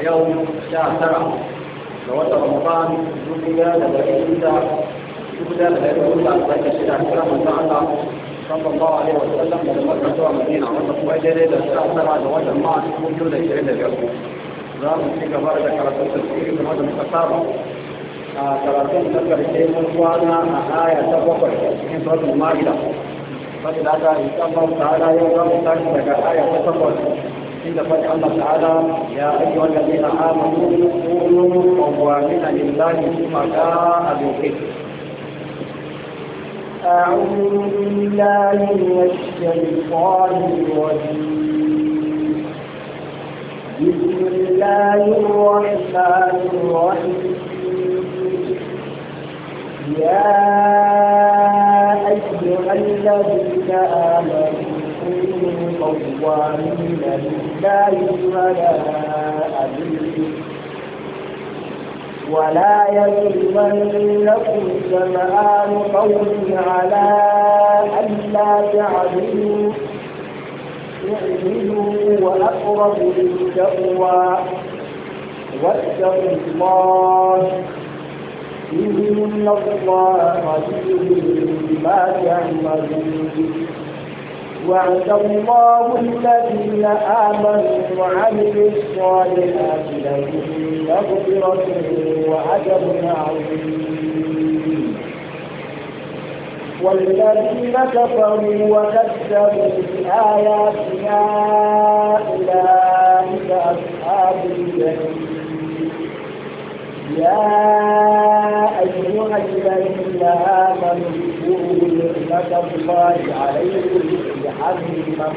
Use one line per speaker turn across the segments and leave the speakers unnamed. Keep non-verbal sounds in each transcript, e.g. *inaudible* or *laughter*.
يوم الساعة 7 لوقت رمضان جبل لبعيدة جبل لبعيدة لبعيدة شيء عن صلى الله عليه وسلم لما رجعوا مدينة عمرت وجري للساعة 7 لوقت الماء موجودة شيء لبعيدة زام فيك بارك كراتون تسكير من هذا المتقابل كراتون تذكر شيء من قوانا آية تبقر من صوت الماجدة فإذا كان يتقبل تعالى يوم رمضان فكآية تبقر عند قول الله تعالى يا أيها الذين آمنوا كونوا قوامين لله جاء بالقسط
أعوذ بالله من الشيطان الرجيم بسم الله الرحمن الرحيم يا أيها الذين آمنوا قوامين لله ولا أبيه ولا يجرمنكم سمعان قوم على ألا تعدلوا اعدلوا وأقرب للتقوى واتقوا الله إن الله خبير بما تعملون وعد الله الذين آمنوا وعملوا الصالحات لهم مغفرة وأجر عظيم والذين كفروا وكذبوا بآياتنا أولئك أصحاب الجحيم يا أيها الذين آمنوا اذكروا نعمة الله عليكم عم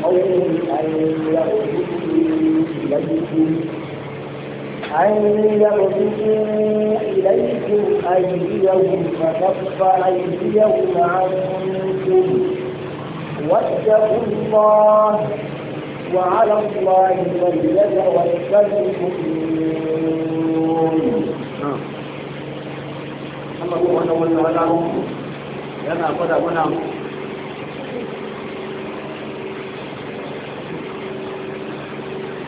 قوم أن يردوا إليكم أن يردوا إليكم أيديهم فكف أيديهم عنكم واتقوا الله وعلى الله فليتوكل
المؤمنون الله سبحانه وتعالى yana faɗa mana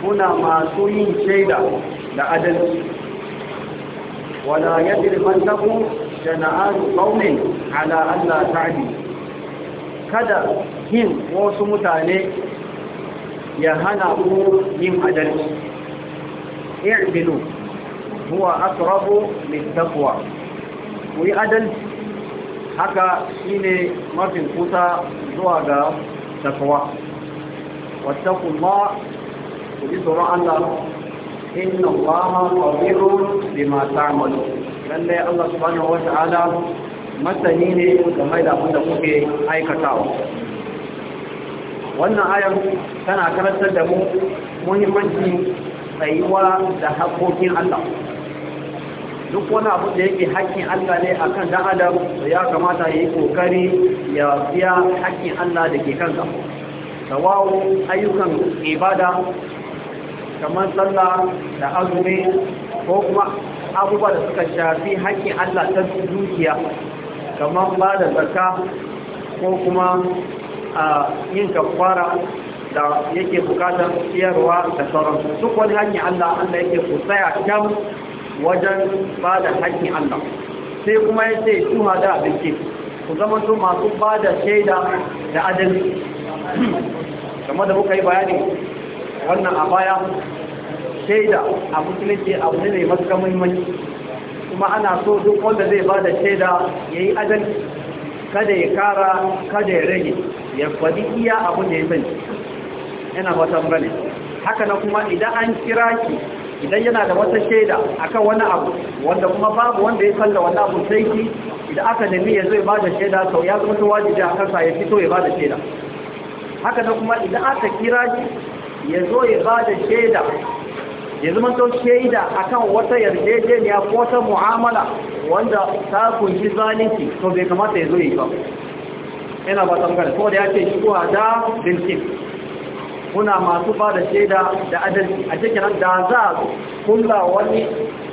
kuna masu yin shaida da adalci wala yajriman lakum shana'anu qaumin ala alla ta'di kada yin wasu mutane ya hana ku yin adalci i'dilu huwa aqrabu littaqwa ku yi adalci haka shine mafi kusa zuwa ga takwa wattaqullah ku ji Allah inna Allaha qadirun bima ta'mal lalle Allah subhanahu wa ta'ala masani ne game da abin da kuke aikatawa wannan ayar tana karantar da mu muhimmanci tsayuwa da haƙoƙin Allah duk wani abu da yake haƙƙin Allah ne akan dan adam ya kamata ya yi ƙoƙari ya biya haƙƙin Allah da ke kansa tawawo ayyukan ibada kamar sallah da azumi ko kuma abubuwa da suka shafi haƙƙin Allah ta dukiya kamar ba da zakka ko kuma yin kafara da yake bukatar siyarwa da sauran duk wani haƙƙin Allah Allah yake ku tsaya kyan wajen ba da haƙƙin Allah sai kuma ya ce tuha da abinci ku zama su masu ba da shaida da adalci kamar da muka yi bayani wannan a baya shaida a musulunci abu ne mai matuƙa muhimmanci kuma ana so duk wanda zai ba da shaida ya yi adalci kada ya kara kada ya rage ya faɗi iya abu da ya sani yana wata gane haka na kuma idan an kira ki idan yana da wata shaida akan wani abu wanda kuma babu wanda ya salla wani abu sai ki idan aka nemi ya zai ba da shaida sau ya zama wajibi a kansa ya fito ya ba da shaida haka na kuma idan aka kira ki ya zo ya ba da shaida ya zama to shaida akan wata yarjejeniya ko ta mu'amala wanda ta kunshi zalunci to bai kamata ya zo yi ba yana ba ta magana saboda ya ce shuwa da bilkin kuna masu ba da shaida da adalci a cikin nan da za a kulla wani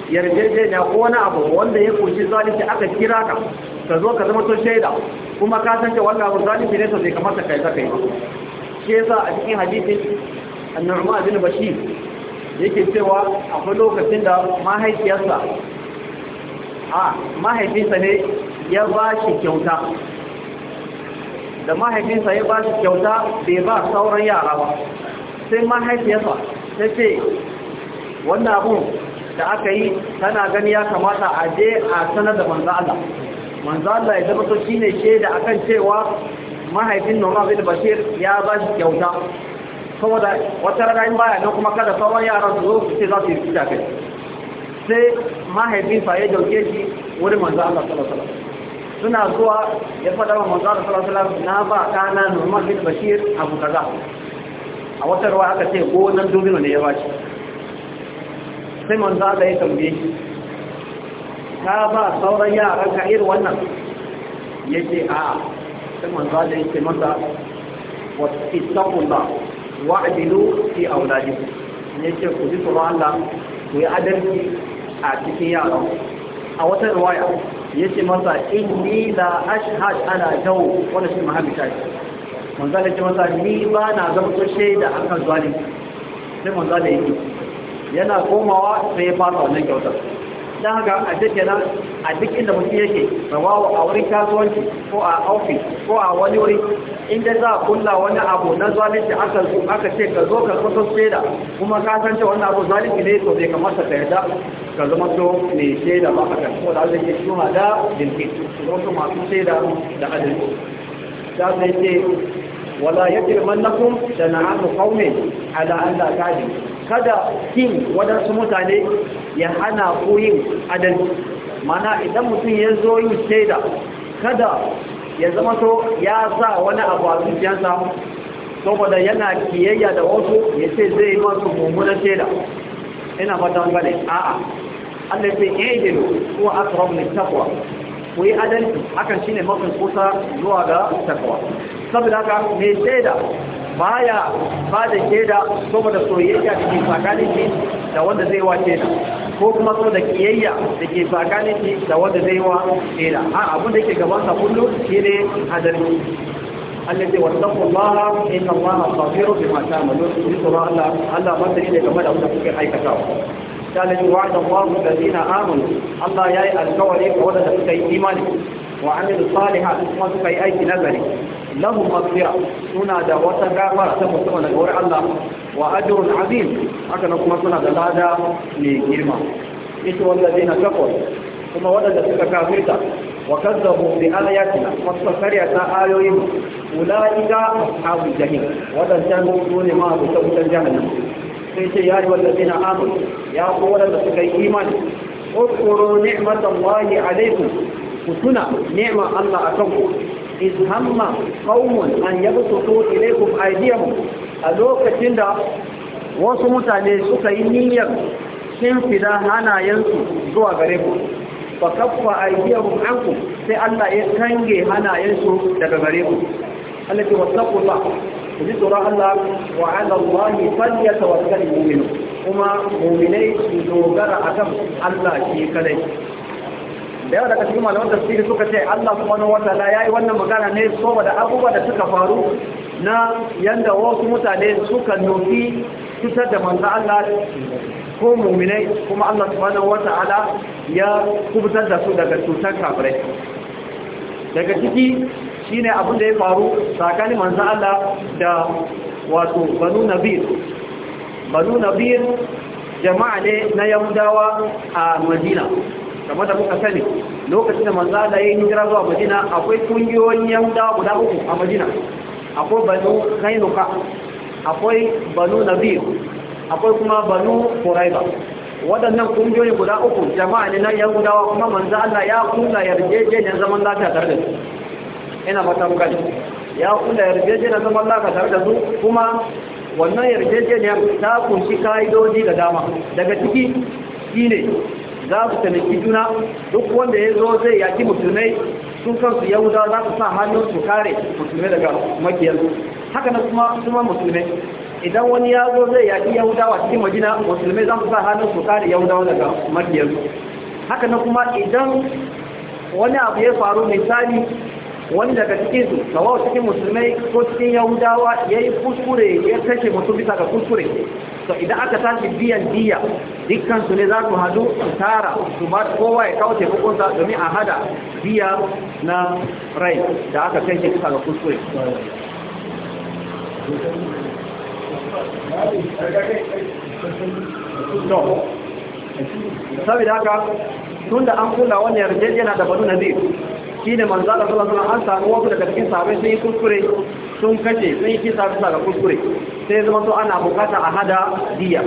yarjejeniya ko wani abu wanda ya kunshi zalunci aka kira ka ka zo ka zama to shaida kuma ka san cewa wannan abu zalunci ne to bai kamata kai ta kai ba shi yasa a cikin hadisin annurma bin bashi yake cewa akwai lokacin da mahaifiyarsa a mahaifinsa ne ya ba shi kyauta da mahaifinsa ya ba shi kyauta bai ba sauran yara ba sai mahaifiyarsa ta ce wannan abun da aka yi tana gani ya kamata a je a sanar da manzo Allah Allah ya zama shi ne shaida akan cewa mahaifin Numan bin Bashir ya ba shi kyauta saboda wata rana in baya don kuma kada sauran yaran su zo su ce za su yi fita kai sai mahaifinsa ya dauke shi wurin manzo Allah sallallahu alaihi wasallam suna zuwa ya faɗa wa manzo Allah sallallahu alaihi wasallam na ba kana Nu'man bin Bashir abu kaza a wata ruwa aka ce ko nan dubino ne ya bashi sai manzo Allah ya tambaye shi ka ba sauran yaran ka irin wannan yace a sai manzo Allah ya ce masa wa ittaqullah wa'dilu fi auladikum yace ku ji tsoron Allah ku yi adalci a cikin yaran a wata riwaya yace masa inni la ashhad ala jaw wala shi mahabita manzo Allah ya ce masa ni ba na zama shaida akan zalimi sai manzo da yake yana komawa sai ya fara wannan kyauta. don haka a duk yana a duk inda mutum yake rawawa a wurin kasuwanci ko a ofis ko a wani wuri inda za a kulla wani abu na zalici aka zo aka ce ka zo ka kusa shaida kuma ka san cewa wannan abu zalici ne to zai kamata ka yarda ka zama to mai shaida ba haka ko da zai ke shuma da dinki ko to masu shaida da adalci da sai ce wala yajrimannakum shana'anu qaumin ala an la ta'dilu kada kin wadansu mutane ya hana ku yin adalci mana idan mutum ya zo yin shaida kada ya zama to ya sa wani abu a zuciyarsa saboda yana kiyayya da wasu ya ce zai masu mummunan shaida ina fatan bane a'a Allah ya ce ejilu ko asram min takwa ku yi adalci hakan shine mafi kusa zuwa ga takwa saboda haka mai shaida baya ba da shaida saboda soyayya da ke tsakanin shi da wanda zai wace shaida ko kuma so da kiyayya da ke tsakanin shi da wanda zai wa tsira a abin da ke gabansa kullum shi ne adalci Allah ce wattaqu Allah inna Allah khabirun bima ta'malun ni tsoro Allah Allah ba ne game da wanda kuke aikatawa ta Allah wa'ada Allah alladhina amanu Allah yayi alkawari ga wanda suka yi imani wa amilu salihat kuma suka yi aiki nazari lahum maghfira suna da wata gafara ta musamman daga wurin Allah wa ajrun azim haka nan kuma suna da lada mai girma ita wallazina kafaru kuma waɗanda suka kafirta wa kazzabu bi ayatina wa sakarya ta ne sai ce ya yi wallazina ya ko waɗanda suka yi imani اذكروا نعمة الله عليكم ku tuna nema Allah akan ku iz hamma qaumun an yabsutu ilaykum aydiyahum a lokacin da wasu mutane suka yi niyyar sun fida hanayensu zuwa gare ku fa kaffa aydiyahum ankum sai Allah ya kange hanayensu daga gare ku Allah ya wasaqu ba ku ji tsoron Allah wa ala Allah falyatawakkalul muminu. kuma mu'minai su dogara akan Allah shi kadai da yawa daga cikin malaman tafsiri suka ce Allah subhanahu ya yayi wannan magana ne saboda abubuwa da suka faru na yanda wasu mutane suka nufi fitar da manzo Allah ko mu'minai kuma Allah subhanahu ta'ala ya kubutar da su daga cutar kafirai daga ciki shine abin da ya faru tsakanin manzo Allah da wato banu nabir banu nabir jama'a ne na yahudawa a madina kamar da muka sani lokacin da manzo Allah ya yi hijira zuwa Madina akwai kungiyoyin Yahudawa guda uku a Madina akwai Banu Kainuka akwai Banu Nadir akwai kuma Banu Quraiba waɗannan kungiyoyi guda uku jama'a ne na Yahudawa kuma manzo Allah ya kula yarjejeniyar zaman lafiya tare da su ina fata muka ji ya kula yarjejeniyar zaman lafiya tare da su kuma wannan yarjejeniyar ta kunshi ka'idoji da dama daga ciki shine za su taimaki juna duk wanda ya zo zai yaki musulmai sun kansu yahudawa za su sa hannun su kare musulmai daga makiyar haka na kuma kuma musulmai idan wani ya zo zai yaki wa cikin majina musulmai za su sa hannun su kare yahudawa daga makiyar haka na kuma idan wani abu ya faru misali wanda daga cikin su cikin musulmai ko cikin yahudawa ya yi kuskure ya kashe mutum bisa ga kuskure to idan aka tashi biyan diya dukkan su ne za su hadu su tara su ba kowa ya kawo taimakonsa domin a hada diya na rai da aka kashe bisa ga kuskure saboda haka tun da an kula wani yarjejjena da banu na biyu ne manzo da sallallahu alaihi wasallam an samu wasu daga cikin sahabbai sun yi kuskure sun kace sun yi kisa bisa ga kuskure sai zama to ana bukata a hada diya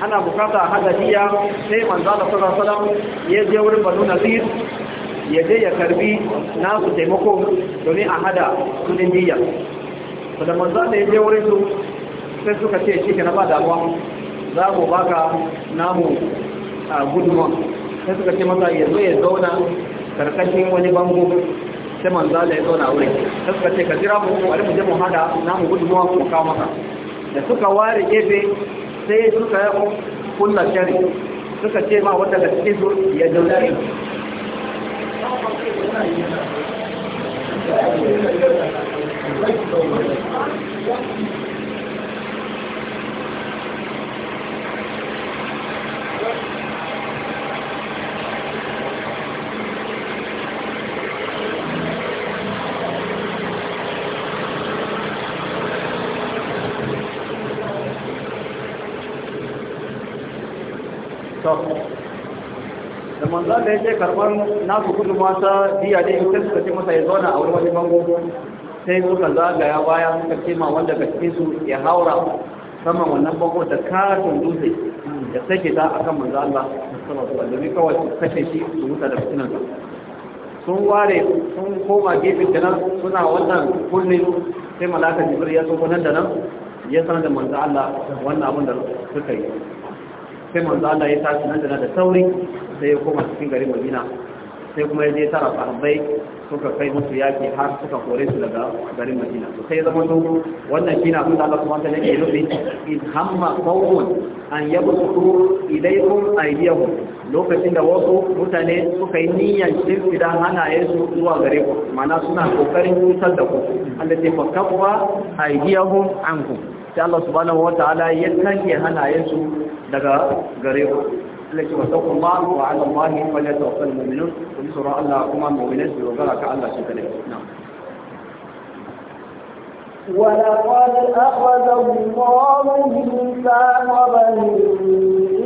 ana bukata a hada diya sai manzo da sallallahu alaihi wasallam ya je wurin Banu Nazir ya je ya karbi nasu taimako domin a hada kudin diya da manzo Allah ya je wurin su sai suka ce shi kana ba damuwa za mu baka namu a gudunmu sai suka ce masa ya zo ya zauna karkashin wani bango sai manza da ya zauna wurin sai suka ce ka jira mu bari mu je mu hada namu gudunmuwa mu kawo maka da suka ware gefe sai suka kunna shari suka ce ma wanda da cikin su ya jaunari Thank you. Da da manzan da ya ce karɓar nasu kudu mata biya ne in suka ce masa ya zauna a wurin wani bango sai suka zagaya baya suka ce ma wanda ka cikin su ya haura kuma wannan bango da katon dutse da sake ta a kan manza Allah domin kawai kashe shi su wuta da fitinan sun ware sun koma gefen da nan suna wannan kullum sai malaka jibril ya so nan da nan ya sanar da manzan Allah wannan abin da suka yi sai manzo Allah ya tashi nan da sauri sai ya koma cikin garin Madina sai kuma ya je tara sahabbai suka kai musu yaki har suka kore su daga garin Madina to sai zama to wannan shine abin da Allah kuma wa nake ya nufi in hamma qawmun an yabsutu ilaykum aydiyahum lokacin da wasu mutane suka yi niyyar shirki dan hana yesu zuwa gare ku ma'ana suna kokarin cutar da ku Allah ya fakkawa aydiyahum ankum sai Allah subhanahu wa ta'ala ya kanke hana yesu دغا غريب لك الله وعلى الله فليتوكل المؤمنون ونسر الله كما مؤمنين وبارك الله في نعم
ولقد أخذ الله ميثاق بني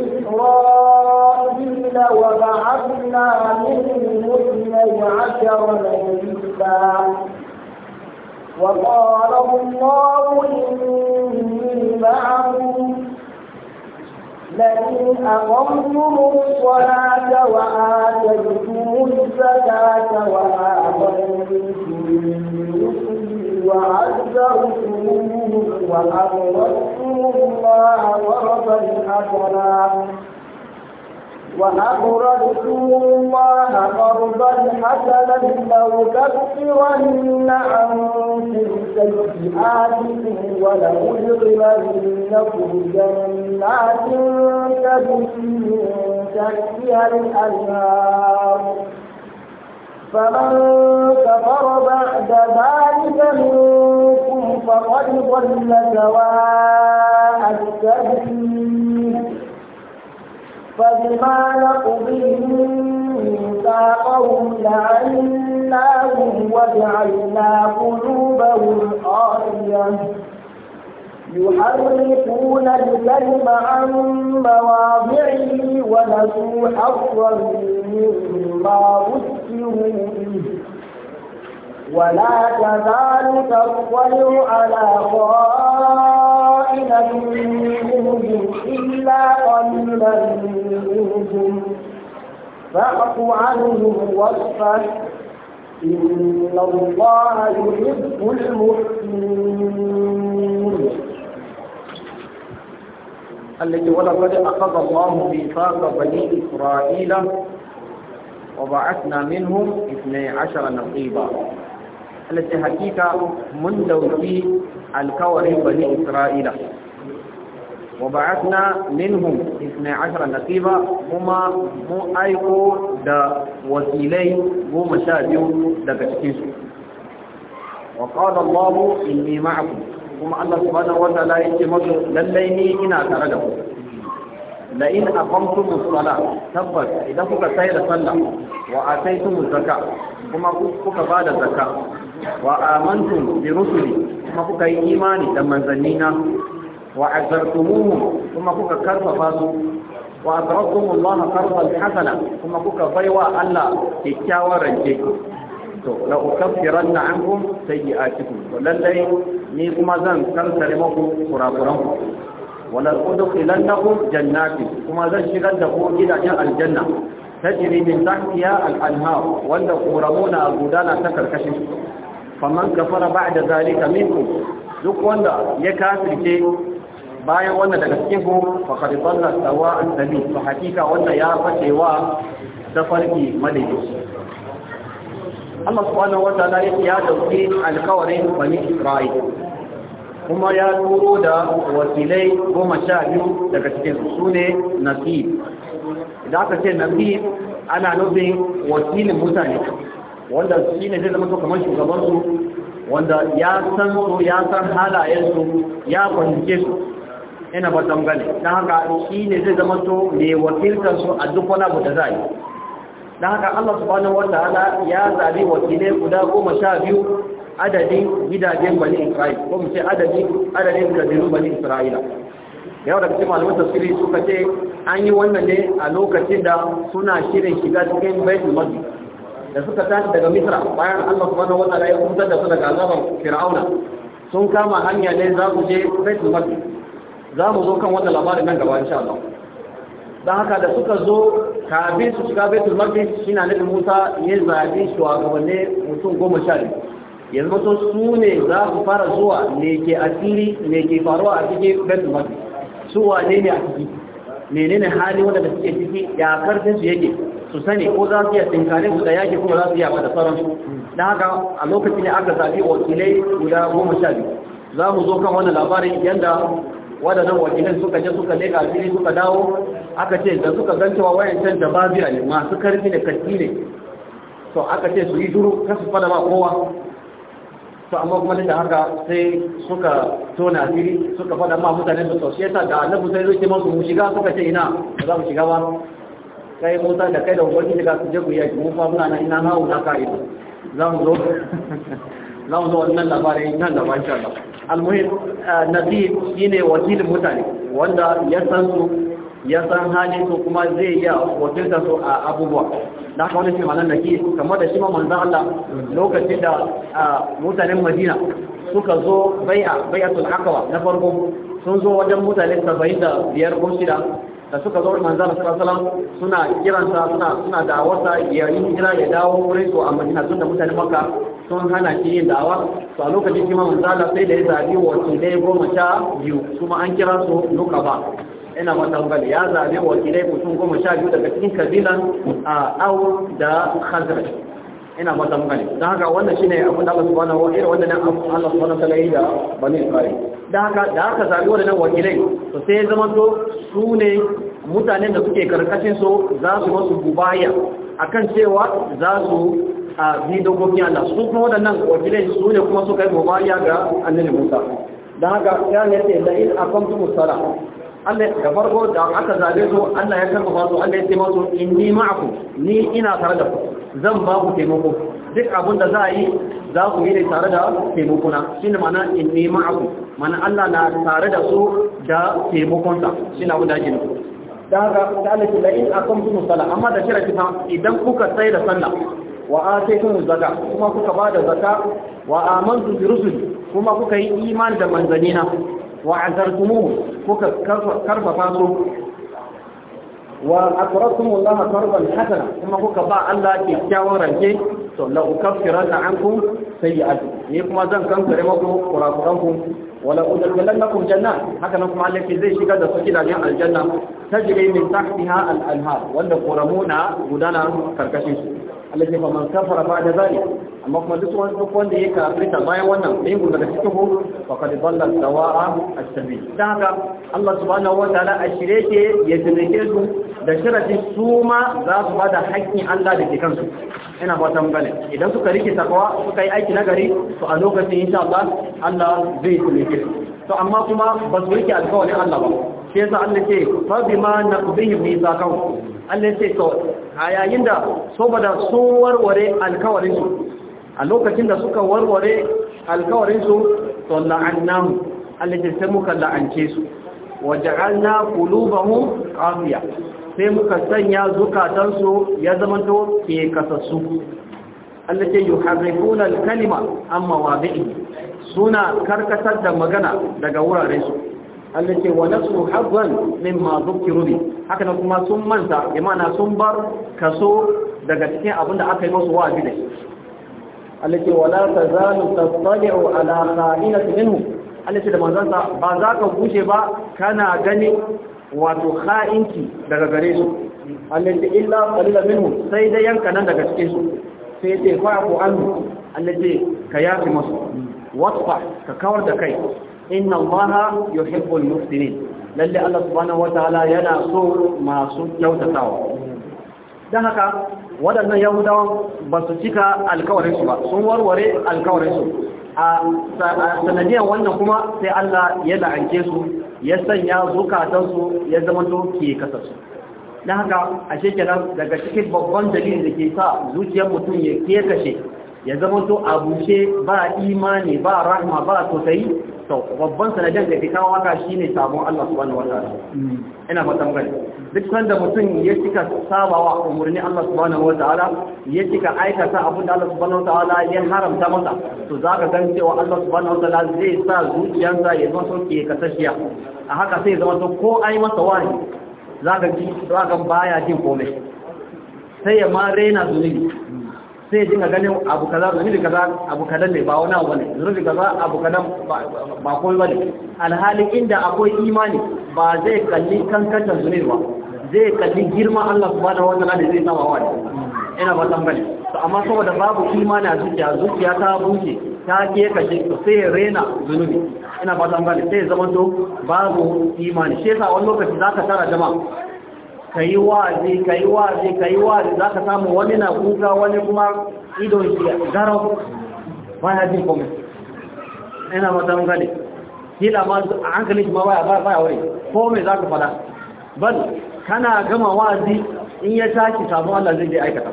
إسرائيل وبعثنا منهم اثني عشر نبيا وقال الله إني معهم لئن أقمتم الصلاة وآتيتم الزكاة وآمنتم برسلي وعزرتموه وأقرضتم الله قرضا حسنا وأقرضتم الله قرضا حسنا لو لأكفرن عنكم سيئاتكم ولأدخلنكم جنات تجري من تحتها الأنهار فمن كفر بعد ذلك منكم فقد ضل سواء السبيل فبما نقضهم ميثاقهم لعناهم وجعلنا قلوبهم قاسية يحرفون الكلم عن مواضعه ونسوا حظا مما ذكروا ولا تزال تطلع على خائن منهم إلا قليلا منهم فاعف عنهم واصفح إن الله يحب المحسنين
التي ولقد أخذ الله ميثاق بني إسرائيل وبعثنا منهم اثني عشر نقيبا Allah ce hakika mun dauki alkawarin bani Isra'ila wa ba'athna minhum 12 nasiba kuma mu aiko da wasilai 12 daga cikin su wa qala Allah inni ma'akum kuma Allah subhanahu wa ta'ala yake muku lallai ni ina tare da ku la in aqamtum as-salah tabbas idan kuka tsaya da sallah wa ataytum az-zakah kuma kuka bada zakah wa amantu bi rusuli kuma kuka yi imani da manzannina wa azartumuhu kuma kuka karfafa su wa azartum Allah qardan hasana kuma kuka baiwa Allah kyakkyawar rance to la ukaffiranna ankum sayyi'atikum to lallai ni kuma zan kansare muku ku wala udkhilannakum jannatin kuma zan shigar da ku gidajen aljanna tajri min tahtiha al-anhar wanda kuramuna gudana ta karkashin faman kafara ba'da zalika minkum duk wanda ya kafirce bayan wannan daga cikin ku fa qad dalla sawa an sabi fa hakika wanda ya fatewa da farki madaidaici Allah subhanahu wataala ya dauki alkawarin bani Isra'il kuma ya turo da wakilai goma sha biyu daga cikin su ne nasib idan aka ce nasib ana nufin wakilin mutane wanda shi ne zai zama to kamar shugaban su wanda ya san su ya san halayen su ya fahimce su ina ba gane dan haka shi ne zai zama to ne wakilkan su a duk wani abu da za yi dan haka Allah subhanahu wataala ya zabi wakilai guda goma sha biyu adadin gidajen bani Isra'ila ko mu ce adadin adadin kabilun bani Isra'ila yau daga cikin malamin tafsiri suka ce an yi wannan ne a lokacin da suna shirin shiga cikin baitul maqdis da suka tashi daga misra bayan Allah subhanahu wa ta'ala ya kubutar da su daga azabar fir'auna sun kama hanya ne za ku je baitul maqdis za mu zo kan wannan labarin nan gaba insha Allah dan haka da suka zo kabe su shiga baitul maqdis shine annabi Musa ya zabi shugabanni mutum goma sha biyu yanzu to su ne za ku fara zuwa ne ke asiri ne ke faruwa a cikin baitul maqdis su wane ne a ciki menene hali wanda suke ciki ya karfin su yake su sani ko za su iya tinkare su da yaki kuma za su iya da sauran su da haka a lokacin da aka zaɓi wakilai guda goma sha biyu za mu zo kan wannan labarin yadda waɗannan wakilai suka je suka leka fili suka dawo aka ce da suka gan cewa wayancan da babiya ne masu karfi da karfi ne to aka ce su yi duru kasu fada ma kowa to amma kuma da haka sai suka tona fili suka faɗa ma mutane da sosai ta da annabu sai zai ce masu mu shiga suka ce ina ba za mu shiga ba kai musa da kai da wani daga su je ku yaki mu fa muna nan ina na hu ka ido za mu zo *laughs* za mu zo wannan labarin nan da insha Allah almuhim eh, nabi shine wakilin mutane wanda ya san su ya san halin su kuma zai iya wakilta su a abubuwa da shi wani malam da ke kamar da shi ma manzan Allah lokacin da mutanen Madina suka zo bai'a bai'atul akawa na farko sun zo wajen mutane da ko shida da suka zo manzan Allah suna kiransa suna suna da'awarsa ya yi hijira ya dawo wurin su a Madina tunda mutanen Makka sun hana shi yin da'awa to a lokacin shi ma manzan Allah sai da ya zabi dai goma sha biyu kuma an kira su ba ina mata gani ya zabe wakilai mutum goma sha biyu daga cikin kabilan a awu da khazraj ina mata gani don haka wannan shine abin da Allah subhanahu wa ta'ala wannan Allah subhanahu wa ta'ala yi da bani isra'il da haka da haka zabe wannan wakilai to sai zama to su ne mutanen da suke karkashin su za su masu gubaya akan cewa za su a bi dokokin Allah su kuma waɗannan wakilai su ne kuma su kai gubaya ga annabi Musa don haka ya ne sai da in akwamtu musara Allah da farko da aka zabe su Allah ya ba su Allah ya ce masu inni ma'aku ni ina tare da ku zan ba ku taimako duk abin da za a yi za ku yi da tare da taimakona shine mana inni ma'aku mana Allah na tare da su da taimakonsa shine abin da ake nufi da haka da Allah ke la in aqamtum sala amma da shirar fa idan kuka tsaya da sallah wa ataytum zakka kuma kuka ba da zakka wa amantu bi rusul kuma kuka yi imani da na. wa azartumuhu kuka karfafa su wa akratum Allah karban hasana kuma kuka ba Allah kyakkyawan rance to la ukaffiranna ankum sayyi'atikum ni kuma zan kankare muku kurakuranku wala udkhilannakum jannat haka nan kuma Allah zai shiga da su gidajen aljanna tajri min tahtiha al-anhar wanda na gudana karkashin Allah ya faman kafara ba da zali amma kuma duk wani duk wanda ya ta bayan wannan bai gudu daga cikin hu fa kad dalla sawa'a as-sabil dan haka Allah subhanahu wa ta'ala a shirye ke ya tunake su da shirati su ma za su bada haƙƙin Allah da ke kansu ina fatan gane idan suka rike takwa suka yi aiki nagari to a lokacin insha Allah Allah zai tunake su to amma kuma ba su rike alkawarin Allah ba shi yasa Allah ce fa bima naqdihim mithaqahu Allah ce to a yayin da saboda sun warware alkawarin su a lokacin da suka warware alkawarin su to la'annahum Allah ce sai muka la'ance su wa ja'alna qulubahum qafiya sai muka sanya zukatansu ya zama to ke kasassu Allah ce yuharrifuna alkalima amma wabi'i suna karkatar da magana daga wuraren su Allah ce wa nasu hazan mimma zukiru bi haka nan kuma sun manta bi sun bar kaso daga cikin abin aka yi musu wa'azi da shi Allah ce wala tazalu tattali'u ala kha'inatin minhu Allah ce da manzon sa ba za ka gushe ba kana gani wato ka'inki daga gare su Allah ce illa sai dai yanka nan daga cikin su sai ka yafi musu wasfa ka kawar da kai inna allaha yuhibbul muhsinin lalle Allah subhanahu wataala yana so masu kyautatawa dan haka waɗannan yahudawan ba su cika alkawarinsu ba sun warware alkawarinsu a sanadiyar wannan kuma sai Allah ya la'anke su ya sanya zukatansu ya zama ke kasasu. don haka a shekarar daga cikin babban dalilin da ke sa zuciyar mutum ya kashe ya zama to a bushe ba imani ba rahma ba sosai to babban sanadin da kawo waka shine sabon Allah subhanahu ta'ala mm. ina fata mun gani duk wanda mutum ya cika sabawa umurni Allah subhanahu ta'ala ya cika aikata abin da Allah subhanahu ta'ala ya haramta masa to zaka san cewa Allah subhanahu ta'ala zai sa zuciyarsa ya zama soke kasashiya a haka sai zama to ko ai masa wani zaka ji zaka baya jin komai sai ya ma rena zunubi sai dinga ganin abu kaza zunubi kaza abu kadan ne ba wani abu ne zunubi kaza abu kadan ba ba bane Alhali inda akwai imani ba zai kalli kankantar zunubi ba zai kalli girman Allah subhanahu wa ta'ala zai sama wa ina ba san bane to amma saboda babu imani a zuciya zuciya ta buke ta ke kashe to sai ya rena zunubi ina ba san bane sai zaman to babu imani shi yasa wani lokaci zaka tara jama'a ka yi wazi ka yi wazi ka yi wazi za ka samu wani na kuka wani kuma idon shi garau baya jin kome ina matan gani kila ma a hankali shi ma baya baya wani kome za ka fada bal kana gama wazi in ya tashi samu allah zai je aikata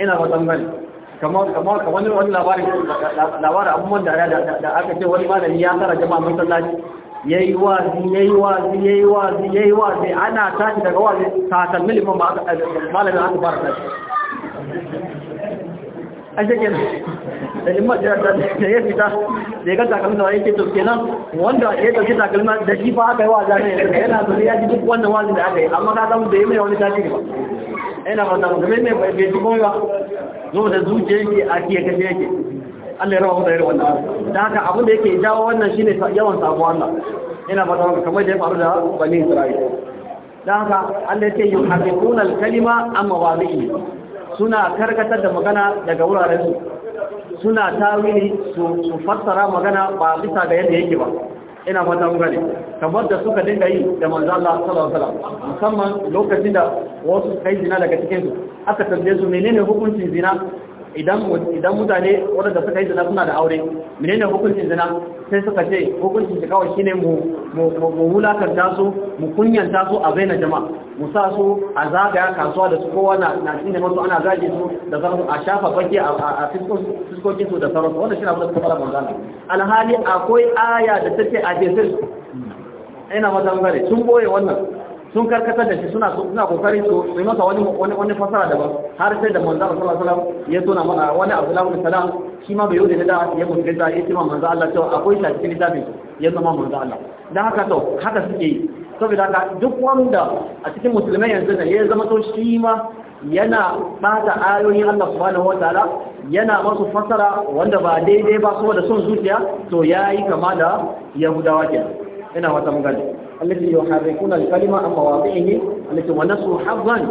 ina matan gani kamar kamar wani wani labarin labarin abubuwan da aka ce wani malami ya tara jama'a masallaci yayi wazi yayi wazi yayi wazi yayi wazi ana tashi daga wazi satan milimin ba aka malamin aka fara tashi ashe kenan da limma da da ya fita da ya ga takalmin da yake to kenan wanda ya dauki takalmin da shi ba aka yi wa zane yana so ya ji duk wannan wazi da aka yi amma ka san da yayi wani tashi ba ina fata da mai mai bai ji komai ba zo da zuciyar yake a kiyar kace yake Allah ya raba da irin wannan da haka abin da yake jawo wannan shine yawan sabo Allah ina fata maka kamar da ya faru da bani Isra'ila da haka Allah yake yuharrifuna al-kalima amma wabi'i suna karkatar da magana daga wuraren su suna tawili su fassara magana ba bisa ga yadda yake ba ina fata mun gane kamar da suka dinga yi da manzo Allah sallallahu alaihi wasallam musamman lokacin da wasu kai zina daga cikin su aka tambaye su menene hukuncin zina idan mutane waɗanda suka yi zina suna da aure ne hukuncin zina sai suka ce hukuncin shi kawai shine mu mu su mu kunyanta su a baina jama'a mu sa su a zagaya kasuwa da su kowa na cinye masu ana zage su da sauran a shafa fage a fiskokin su da sauransu. wannan shi na wani kuma rabon zana alhali akwai aya da take a jesus ina mata bangare sun boye wannan sun karkatar da shi suna suna kokarin su yi masa wani wani wani fasara daban har sai da manzo Allah sallallahu alaihi wasallam ya tona mana wani Abdullah ibn Salam shi ma bai yode da ya mutunta ya tima manzo Allah cewa akwai shi a cikin littafin ya zama manzo Allah dan haka to haka suke yi saboda haka duk wanda a cikin musulmai yanzu da ya zama to shi ma yana bata ayoyin Allah subhanahu wataala yana masu fasara wanda ba daidai ba saboda son zuciya to yayi kama da Yahudawa kenan ina wata mun التي يحركون الكلمة عن مواضعه التي ونسوا حظا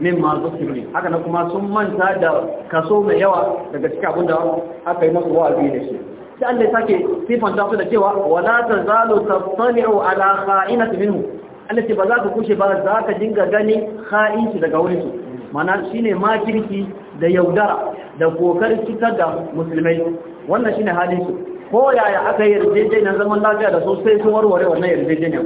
مما ذكروا haka na kuma sun manta da kaso mai yawa daga cikin abinda aka yi masu wa'azi da shi sai Allah ya sake sifanta da cewa wala tazalu tattali'u ala kha'inati minhu Allah ce ba za ka kushe ba za ka dinga gani kha'inci daga wurinsu. su mana shine makirki da yaudara da kokar cikar da musulmai wannan shine halin su ko yaya aka yi yarjejeniyar zaman lafiya da su sai sun warware wannan yarjejeniyar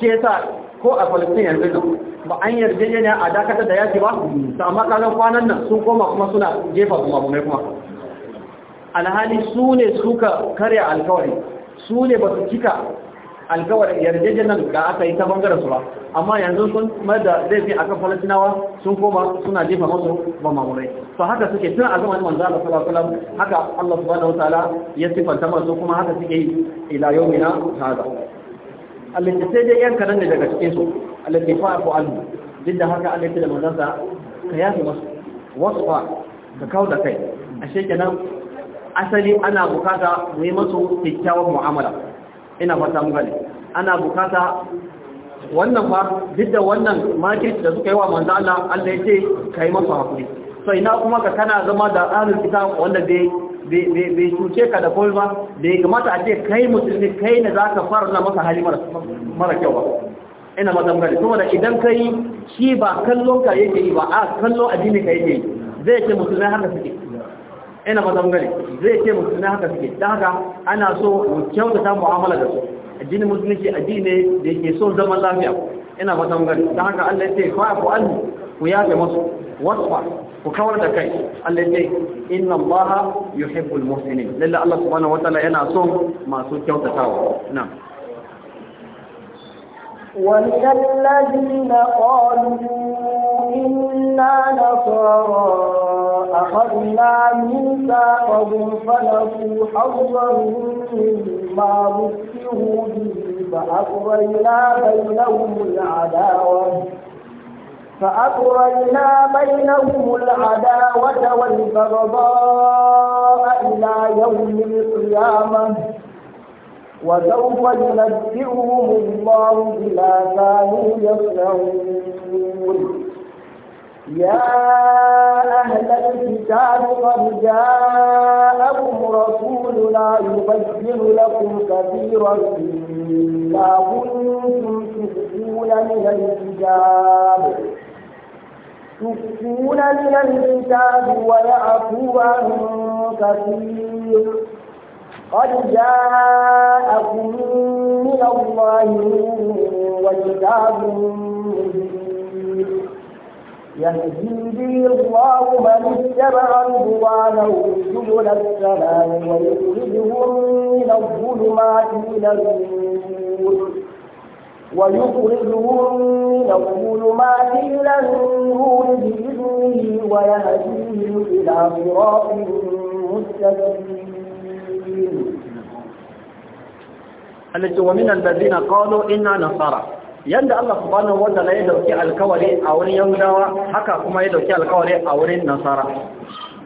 shi yasa ko a falastin yanzu nan ba an yarjejeniya a dakatar da yaki ba su amma kagan kwanan nan sun koma kuma suna jefa kuma mai kuma alhali su ne suka karya alkawari su ne ba su cika alkawarin yarjejenan da aka yi ta bangaren su ba amma yanzu sun mayar da fi akan falasinawa sun koma suna jefa masu ba mamurai to haka suke tun a zamanin manzo Allah sallallahu alaihi wasallam haka Allah subhanahu wataala ya sifanta masu kuma haka suke yi ila yawmina hada alladhi sai dai yan kanan ne daga cikin su alladhi fa'u anhu duk da haka Allah da manzon sa ka yafi masu wasfa ka kawo da kai ashe kenan asali ana bukata mu yi masu kyakkyawan mu'amala ina fata mu gane ana bukata wannan fa duk da wannan market da suka yi wa manzo Allah Allah ya ce kai masa hakuri so ina kuma ka kana zama da ahlul kitab wanda bai bai cuce ka da komai ba bai kamata a ce kai musulmi kai ne za ka fara na masa hali mara kyau ba ina mazan kuma da idan ka yi shi ba kallon ka yake yi ba a kallon addini ka yake yi zai ce musulmi har da suke ina ba zan gane zai ce musulmi haka suke don haka ana so mu kyautata mu'amala da su addinin musulunci addini da yake son zaman lafiya ina ba zan gane don haka Allah ce fa ku an ku yafe musu wasfa ku kawar da kai Allah ya ce inna Allah yuhibbul muhsinin lalla Allah subhanahu wataala yana so masu kyautatawa na'am
وللذين قالوا إنا نصارى أخذنا ميثاقهم فنسوا حظا مما ذكروا به فأقرينا بينهم العداوة فأقرينا بينهم العداوة والبغضاء إلى يوم القيامة وسوف ينبئهم الله بما كانوا يصنعون يا أهل الكتاب قد جاءكم رسولنا يبين لكم كثيرا مما كنتم تخفون من الكتاب تخفون من الكتاب ويعفو عن كثير قد جاءكم من الله وكتاب مبين يهدي به الله من اتبع رضوانه سبل السلام ويخرجهم من الظلمات إلى النور ويخرجهم من الظلمات إلى النور بإذنه ويهديهم إلى صراط مستقيم.
التي ومن الذين قالوا إنا نصارى yanda Allah subhanahu wataala ya dauki alkawari a wurin Yahudawa haka kuma ya dauki alkawari a wurin Nasara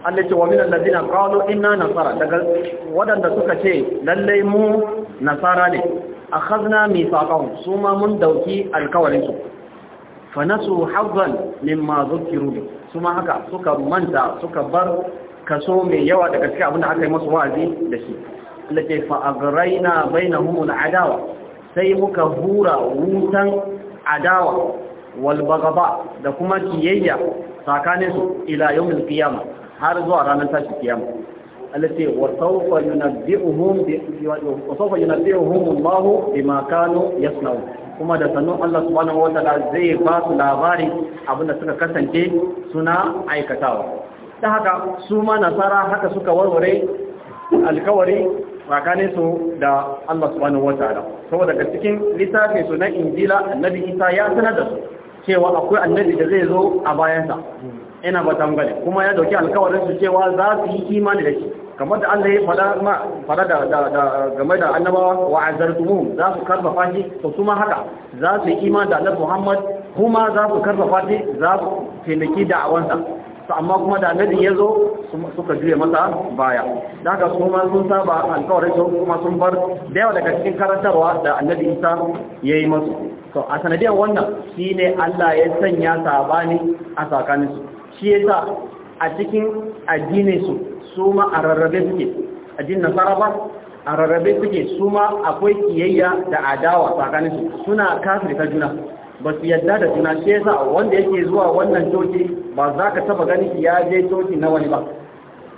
Allah ce wa minal ladina qalu inna nasara daga wadanda suka ce lalle mu nasara ne akhadna mithaqahum suma mun dauki alkawarin su fa nasu hazzan mimma zukiru suma haka suka manta suka bar kaso mai yawa daga cikin abin da aka yi musu wa'azi da shi Allah ce fa aghraina bainahum al'adawa sai muka hura wutan adawa bagaba da kuma kiyayya tsakaninsu ila yawmil qiyama har zuwa ranar tashi kiyama yunabbi'uhum bi wa sawfa yunabbi'uhum Allahu bima kanu yasna'u kuma da sannu Allah subhanahu wa ta'ala zai ba su labari abinda suka kasance suna aikatawa ta haka su ma nasara haka suka warware alkawari tsakanin su da Allah subhanahu wataala saboda daga cikin littafin su na injila annabi isa ya sanar da su cewa akwai annabi da zai zo a bayansa ina ba kuma ya dauki alkawarin su cewa za su yi imani da shi kamar da Allah ya fada ma fada da da game da annabawa wa azartumuhum za su karba fashi to kuma haka za su yi imani da Allah Muhammad kuma za su karba fashi za su taimaki da'awansa to amma kuma da nadi ya zo suka juye masa baya da haka su ma sun saba alkawarin su kuma sun bar da yawa daga cikin karantarwa da annabi isa ya yi masu to a sanadiyar wannan shi ne allah ya sanya sabani a su shi ya sa a cikin addininsu su ma a rarrabe suke addinin nasara ba a rarrabe suke su ma akwai kiyayya da adawa su suna kafirta juna ba su yadda da juna shi yasa wanda yake zuwa wannan coci ba za ka taba ganin ya je coci na wani ba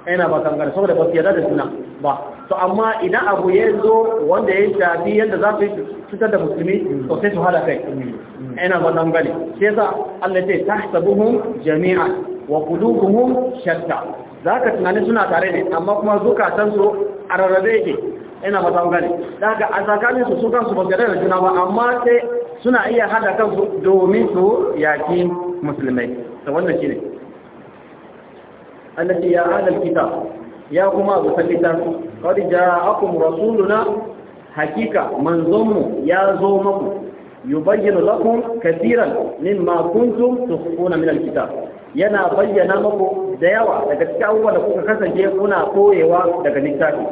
yana ba kankan saboda ba su yadda da suna ba to amma idan abu ya zo wanda ya shafi yadda za su fitar da musulmi to sai su hada kai yana ba dangane shi yasa Allah ce sabuhun jami'a wa kuduhun shatta ka tunani suna tare ne amma kuma zukatan su a rarrabe yake yana ba dangane daga a tsakaninsu su su kansu ba su yadda da juna ba amma sai suna iya hada kansu domin su yaki musulmai da wannan shi ne annabi ya hada kita ya kuma abu sallita kawai ja'akum rasuluna hakika manzonmu ya zo maku yubayyinu lakum kathiran mimma kuntum tukhfuna min alkitab yana bayyana maku da yawa daga cikin abubuwan da kuka kasance kuna koyewa daga littafi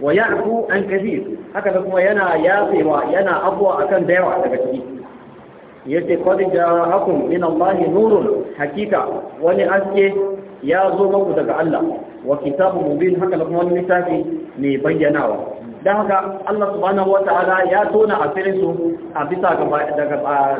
wa ya'fu an kathir haka da kuma yana yafewa yana abuwa akan da yawa daga ciki yace qad ja'akum min Allah nurun hakika wani aske ya zo muku daga Allah wa kitabun mubin haka da kuma wani littafi mai bayyanawa dan haka Allah subhanahu wataala ya tona asirin su a bisa daga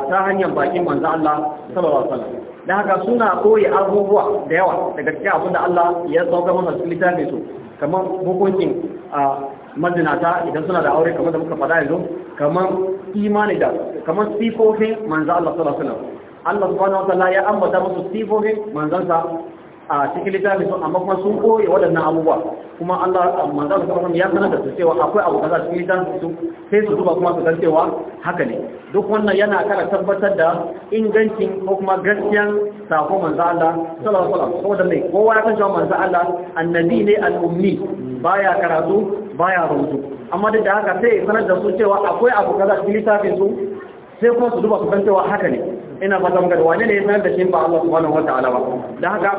ta hanyar bakin manzo Allah sallallahu alaihi wasallam dan haka suna koyi abubuwa da yawa daga cikin abin da Allah ya sauka mana cikin littafin su kamar hukuncin a mazinata idan suna da aure kamar da muka faɗa yanzu kamar imani da kamar sifofin manzo Allah sallallahu alaihi wasallam Allah subhanahu wa ta'ala ya ambata musu sifofin manzansa a cikin littafin su amma kuma sun koya waɗannan abubuwa kuma Allah za su kuma ya sanar da su cewa akwai abu kaza cikin littafin su sai su zuba kuma su san cewa haka ne duk wannan yana kara tabbatar da ingancin ko kuma gaskiyan sako manzo Allah sallallahu alaihi wasallam saboda mai kowa ya san cewa manzo Allah annabi ne al-ummi baya karatu baya rubutu amma duk da haka sai sanar da su cewa akwai abu kaza cikin littafin su sai kuma su duba su san cewa haka ne ina fata muka da ne sanar da shi ba Allah subhanahu wata'ala ba da haka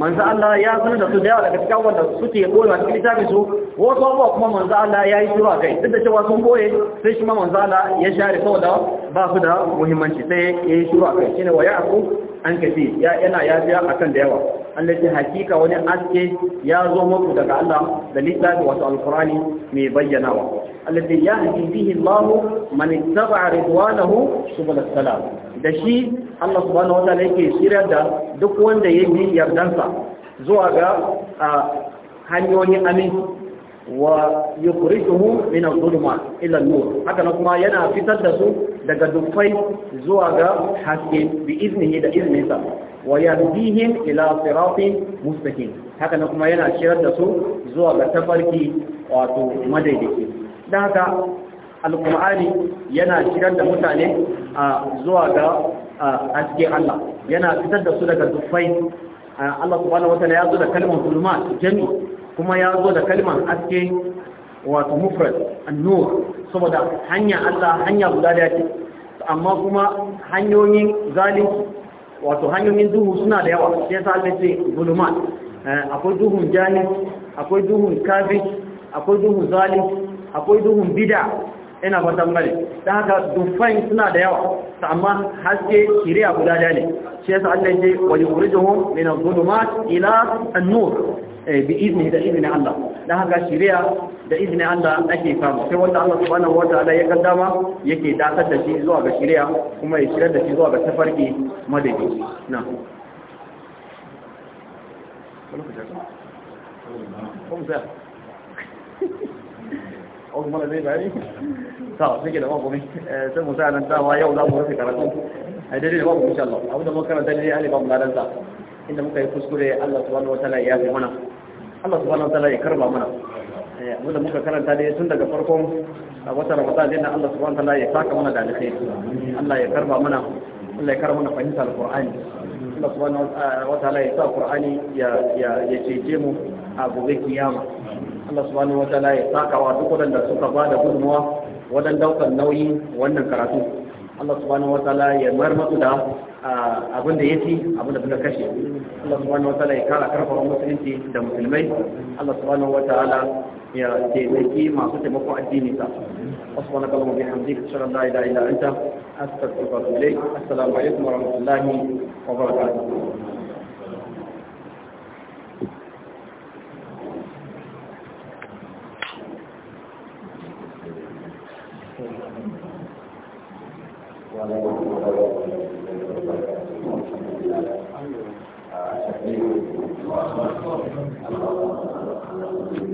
manzo Allah ya sanar da su da yawa daga cikin wanda suke koyewa cikin littafin su wasu abubuwa kuma manzo Allah ya yi shiru a kai duk da cewa sun koye sai shi ma manzo Allah ya share saboda ba su da muhimmanci sai ya yi shiru a kai shine wa an kafi yana yafiya akan da yawa Allah ce hakika wani aske ya zo muku daga Allah da littafi wato alqur'ani mai bayyanawa alladhi yahdi bihi Allah man ittaba ridwanahu subul salam da shi Allah subhanahu wataala yake shirar da duk wanda ya bi yardansa zuwa ga hanyoyin amin wa yukhrijuhu min adh-dhulumat ila an-nur haka kuma yana fitar da su daga dukkai zuwa ga haske bi iznihi da izninsa wa yahdihim ila siratin mustaqim haka kuma yana shirar da su zuwa ga tafarki wato madaidaici daga haka alkur'ani yana shirar da mutane zuwa ga aske Allah yana fitar da su daga dufai Allah subhanahu wataala ya zo da kalmar zulma jami kuma ya zo da kalmar aske wato mufrad an-nur saboda hanya Allah hanya guda da yake amma kuma hanyoyin zalunci wato hanyoyin duhu suna da yawa sai sa Allah ce zulumat akwai duhun jahil akwai duhun kafir akwai duhun zalunci akwai duhun bida ina fatan bane dan haka dufan suna da yawa amma haske shirya guda da ne shi yasa Allah ya wuri yukhrijuhum min adh-dhulumat ila an-nur eh, bi izini da idni Allah dan haka shirya da idni Allah ake samu sai wanda Allah subhanahu wataala ya kaddama yake dakar da shi zuwa ga shirya, kuma ya shirar da shi zuwa ga tafarki madadi na Thank you. wasu mana zai bayani ta suke da babu mai eh, sai musa nan dama yau za mu rufe karatu a daidai da babu insha Allah abu da mun karanta ne ali babu ladan inda muka yi kuskure Allah subhanahu wataala ya fi mana Allah subhanahu wataala ya karba mana eh, abu da muka karanta ne tun daga farkon a wata ramadan din Allah subhanahu wataala ya saka mana da alkhairi Allah ya karba mana Allah ya karba mana fahimtar alqur'ani Allah subhanahu wataala ya sa alqur'ani ya ya ya cece mu a gobe kiyama Allah subhanahu wa ta'ala ya sakawa duk wadanda suka ba da gudunmuwa wajen daukar nauyin wannan karatu Allah subhanahu wa ta'ala ya mar masu da abin da ya ci abin da suka kashe Allah subhanahu wa ta'ala ya kara karfafa musulunci da musulmai Allah subhanahu wa ta'ala ya taimaki masu taimakon addini sa سبحانك اللهم وبحمدك اشهد ان لا اله الا انت استغفرك واتوب اليك السلام عليكم ورحمه الله وبركاته
Thank you.